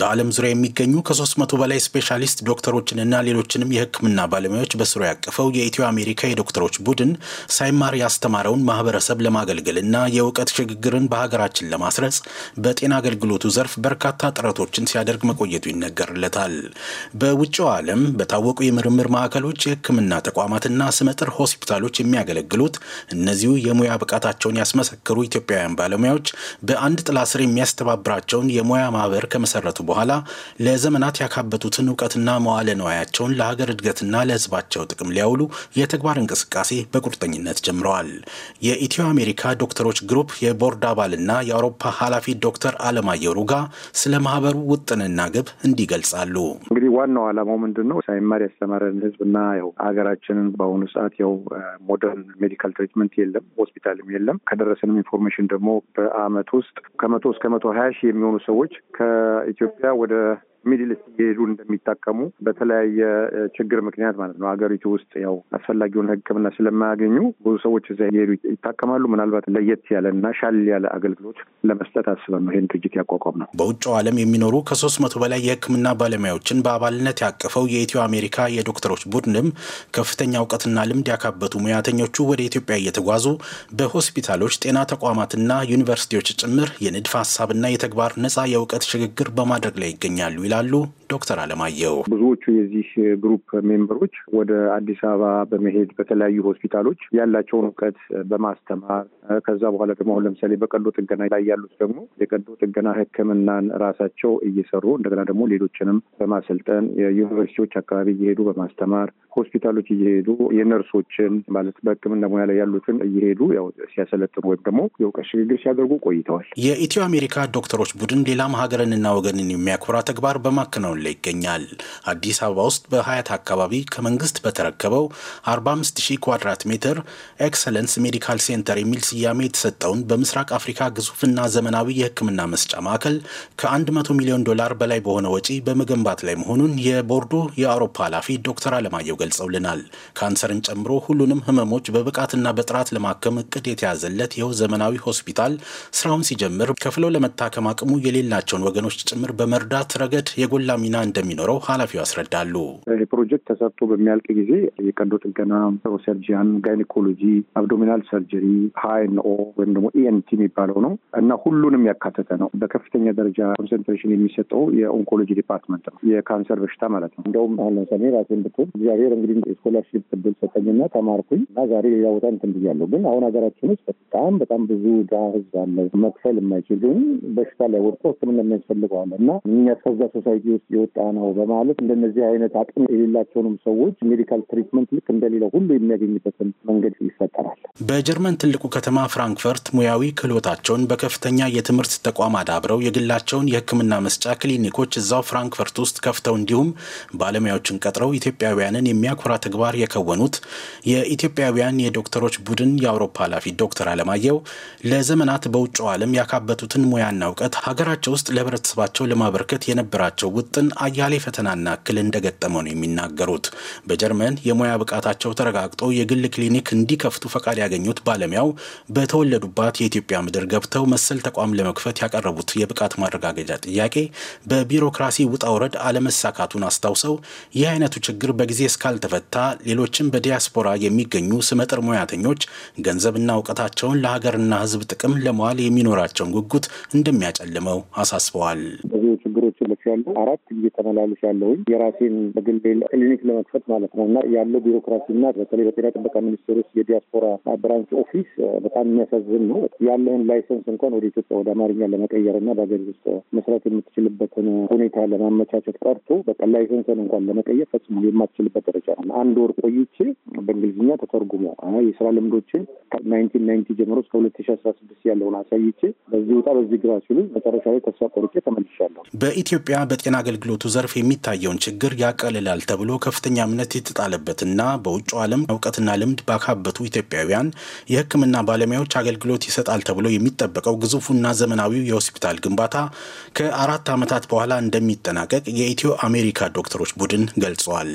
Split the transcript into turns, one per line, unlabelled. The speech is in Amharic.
በዓለም ዙሪያ የሚገኙ ከ300 በላይ ስፔሻሊስት ዶክተሮችንና ሌሎችንም የሕክምና ባለሙያዎች በስሩ ያቀፈው የኢትዮ አሜሪካ የዶክተሮች ቡድን ሳይማር ያስተማረውን ማህበረሰብ ለማገልገልና የእውቀት ሽግግርን በሀገራችን ለማስረጽ በጤና አገልግሎቱ ዘርፍ በርካታ ጥረቶችን ሲያደርግ መቆየቱ ይነገርለታል። በውጭው ዓለም በታወቁ የምርምር ማዕከሎች፣ የሕክምና ተቋማትና ስመጥር ሆስፒታሎች የሚያገለግሉት እነዚሁ የሙያ ብቃታቸውን ያስመሰክሩ ኢትዮጵያውያን ባለሙያዎች በአንድ ጥላ ስር የሚያስተባብራቸውን የሙያ ማህበር ከመሰረቱ በኋላ ለዘመናት ያካበቱትን እውቀትና መዋለ ንዋያቸውን ለሀገር እድገትና ለህዝባቸው ጥቅም ሊያውሉ የተግባር እንቅስቃሴ በቁርጠኝነት ጀምረዋል። የኢትዮ አሜሪካ ዶክተሮች ግሩፕ የቦርድ አባልና የአውሮፓ ኃላፊ ዶክተር አለማየሁ ሩጋ ስለ ማህበሩ ውጥንና ግብ እንዲህ
እንግዲህ ዋናው ዓላማው ምንድን ነው? ሳይማር ያስተማረን ሕዝብና ያው ሀገራችንን በአሁኑ ሰዓት ያው ሞደርን ሜዲካል ትሪትመንት የለም፣ ሆስፒታልም የለም። ከደረሰንም ኢንፎርሜሽን ደግሞ በአመት ውስጥ ከመቶ እስከ መቶ ሀያ ሺህ የሚሆኑ ሰዎች ከኢትዮ that would uh, ሚድል እየሄዱ እንደሚጠቀሙ በተለያየ ችግር ምክንያት ማለት ነው። ሀገሪቱ ውስጥ ያው አስፈላጊውን ሕክምና ስለማያገኙ ብዙ ሰዎች እዚያ እየሄዱ ይታከማሉ። ምናልባት ለየት ያለ እና ሻል ያለ አገልግሎት ለመስጠት አስበን ነው ይህን ድርጅት ያቋቋም ነው።
በውጭው ዓለም የሚኖሩ ከሶስት መቶ በላይ የሕክምና ባለሙያዎችን በአባልነት ያቀፈው የኢትዮ አሜሪካ የዶክተሮች ቡድንም ከፍተኛ እውቀትና ልምድ ያካበቱ ሙያተኞቹ ወደ ኢትዮጵያ እየተጓዙ በሆስፒታሎች፣ ጤና ተቋማትና ዩኒቨርሲቲዎች ጭምር የንድፈ ሀሳብና የተግባር ነጻ የእውቀት ሽግግር በማድረግ ላይ ይገኛሉ ይላል ይላሉ
ዶክተር አለማየሁ። ብዙዎቹ የዚህ ግሩፕ ሜምበሮች ወደ አዲስ አበባ በመሄድ በተለያዩ ሆስፒታሎች ያላቸውን እውቀት በማስተማር ከዛ በኋላ ደግሞ አሁን ለምሳሌ በቀዶ ጥገና ላይ ያሉት ደግሞ የቀዶ ጥገና ሕክምናን ራሳቸው እየሰሩ እንደገና ደግሞ ሌሎችንም በማሰልጠን ዩኒቨርሲቲዎች አካባቢ እየሄዱ በማስተማር ሆስፒታሎች እየሄዱ የነርሶችን ማለት በሕክምና ሙያ ላይ ያሉትን እየሄዱ ያው ሲያሰለጥኑ ወይም ደግሞ የእውቀት ሽግግር ሲያደርጉ ቆይተዋል።
የኢትዮ አሜሪካ ዶክተሮች ቡድን ሌላም ሀገርንና ወገንን የሚያኮራ ተግባር በማከናወን ላይ ይገኛል። አዲስ አበባ ውስጥ በሀያት አካባቢ ከመንግስት በተረከበው 45000 ኳድራት ሜትር ኤክሰለንስ ሜዲካል ሴንተር የሚል ስያሜ የተሰጠውን በምስራቅ አፍሪካ ግዙፍና ዘመናዊ የሕክምና መስጫ ማዕከል ከ100 ሚሊዮን ዶላር በላይ በሆነ ወጪ በመገንባት ላይ መሆኑን የቦርዱ የአውሮፓ ኃላፊ ዶክተር አለማየሁ ገልጸውልናል። ካንሰርን ጨምሮ ሁሉንም ህመሞች በብቃትና በጥራት ለማከም እቅድ የተያዘለት ይኸው ዘመናዊ ሆስፒታል ስራውን ሲጀምር ከፍለው ለመታከም አቅሙ የሌላቸውን ወገኖች ጭምር በመርዳት ረገድ ዘንድ የጎላ ሚና እንደሚኖረው ኃላፊው ያስረዳሉ።
ይህ ፕሮጀክት ተሰርቶ በሚያልቅ ጊዜ የቀዶ ጥገና ሰርጂያን፣ ጋይኒኮሎጂ፣ አብዶሚናል ሰርጀሪ ሀይንኦ ወይም ደግሞ ኢኤንቲ የሚባለው ነው እና ሁሉንም ያካተተ ነው። በከፍተኛ ደረጃ ኮንሰንትሬሽን የሚሰጠው የኦንኮሎጂ ዲፓርትመንት ነው፣ የካንሰር በሽታ ማለት ነው። እንደውም አሁን ለምሳሌ ራሴን ብትል እግዚአብሔር እንግዲህ የስኮላርሽፕ እድል ሰጠኝና ተማርኩኝ እና ዛሬ ሌላ ቦታ እንትን ብያለሁ። ግን አሁን ሀገራችን ውስጥ በጣም በጣም ብዙ ድሀ ህዝብ አለ መክፈል የማይችል ግን በሽታ ላይ ወድቆ ህክምና የሚያስፈልገዋል እና የሚያስፈዛ ሶሳይቲ ውስጥ የወጣ ነው በማለት እንደነዚህ አይነት አቅም የሌላቸውንም ሰዎች ሜዲካል ትሪትመንት ልክ እንደሌለው ሁሉ የሚያገኝበትን መንገድ ይፈጠራል።
በጀርመን ትልቁ ከተማ ፍራንክፈርት ሙያዊ ክህሎታቸውን በከፍተኛ የትምህርት ተቋም አዳብረው የግላቸውን የሕክምና መስጫ ክሊኒኮች እዛው ፍራንክፈርት ውስጥ ከፍተው እንዲሁም ባለሙያዎችን ቀጥረው ኢትዮጵያውያንን የሚያኮራ ተግባር የከወኑት የኢትዮጵያውያን የዶክተሮች ቡድን የአውሮፓ ኃላፊ ዶክተር አለማየሁ ለዘመናት በውጭው ዓለም ያካበቱትን ሙያና እውቀት ሀገራቸው ውስጥ ለህብረተሰባቸው ለማበርከት የነበራ የነበራቸው ውጥን አያሌ ፈተናና እክል እንደገጠመው ነው የሚናገሩት። በጀርመን የሙያ ብቃታቸው ተረጋግጦ የግል ክሊኒክ እንዲከፍቱ ፈቃድ ያገኙት ባለሙያው በተወለዱባት የኢትዮጵያ ምድር ገብተው መሰል ተቋም ለመክፈት ያቀረቡት የብቃት ማረጋገጫ ጥያቄ በቢሮክራሲ ውጣ ውረድ አለመሳካቱን አስታውሰው ይህ አይነቱ ችግር በጊዜ እስካልተፈታ ሌሎችም በዲያስፖራ የሚገኙ ስመጥር ሙያተኞች ገንዘብና እውቀታቸውን ለሀገርና ሕዝብ ጥቅም ለመዋል የሚኖራቸውን ጉጉት እንደሚያጨልመው አሳስበዋል።
የተለያዩ ችግሮች ይመስላሉ። አራት ጊዜ ተመላለስ ያለውኝ የራሴን በግል ክሊኒክ ለመክፈት ማለት ነው እና ያለው ቢሮክራሲ እና በተለይ በጤና ጥበቃ ሚኒስቴር ውስጥ የዲያስፖራ ብራንች ኦፊስ በጣም የሚያሳዝን ነው። ያለህን ላይሰንስ እንኳን ወደ ኢትዮጵያ ወደ አማርኛ ለመቀየር እና በሀገር ውስጥ መስራት የምትችልበትን ሁኔታ ለማመቻቸት ቀርቶ በቃ ላይሰንስን እንኳን ለመቀየር ፈጽሞ የማትችልበት ደረጃ ነው። አንድ ወር ቆይቼ በእንግሊዝኛ ተተርጉሞ የስራ ልምዶችን ናይንቲን ናይንቲ ጀምሮ እስከ ሁለት ሺ አስራ ስድስት ያለውን አሳይቼ በዚህ ውጣ በዚህ ግባ ሲሉ መጨረሻ ላይ ተስፋ ቆርጬ ተመልሻለሁ። ነው።
በኢትዮጵያ በጤና አገልግሎቱ ዘርፍ የሚታየውን ችግር ያቀልላል ተብሎ ከፍተኛ እምነት የተጣለበትና በውጭ ዓለም እውቀትና ልምድ ባካበቱ ኢትዮጵያውያን የሕክምና ባለሙያዎች አገልግሎት ይሰጣል ተብሎ የሚጠበቀው ግዙፉና ዘመናዊው የሆስፒታል ግንባታ ከአራት ዓመታት በኋላ እንደሚጠናቀቅ የኢትዮ አሜሪካ ዶክተሮች ቡድን ገልጿል።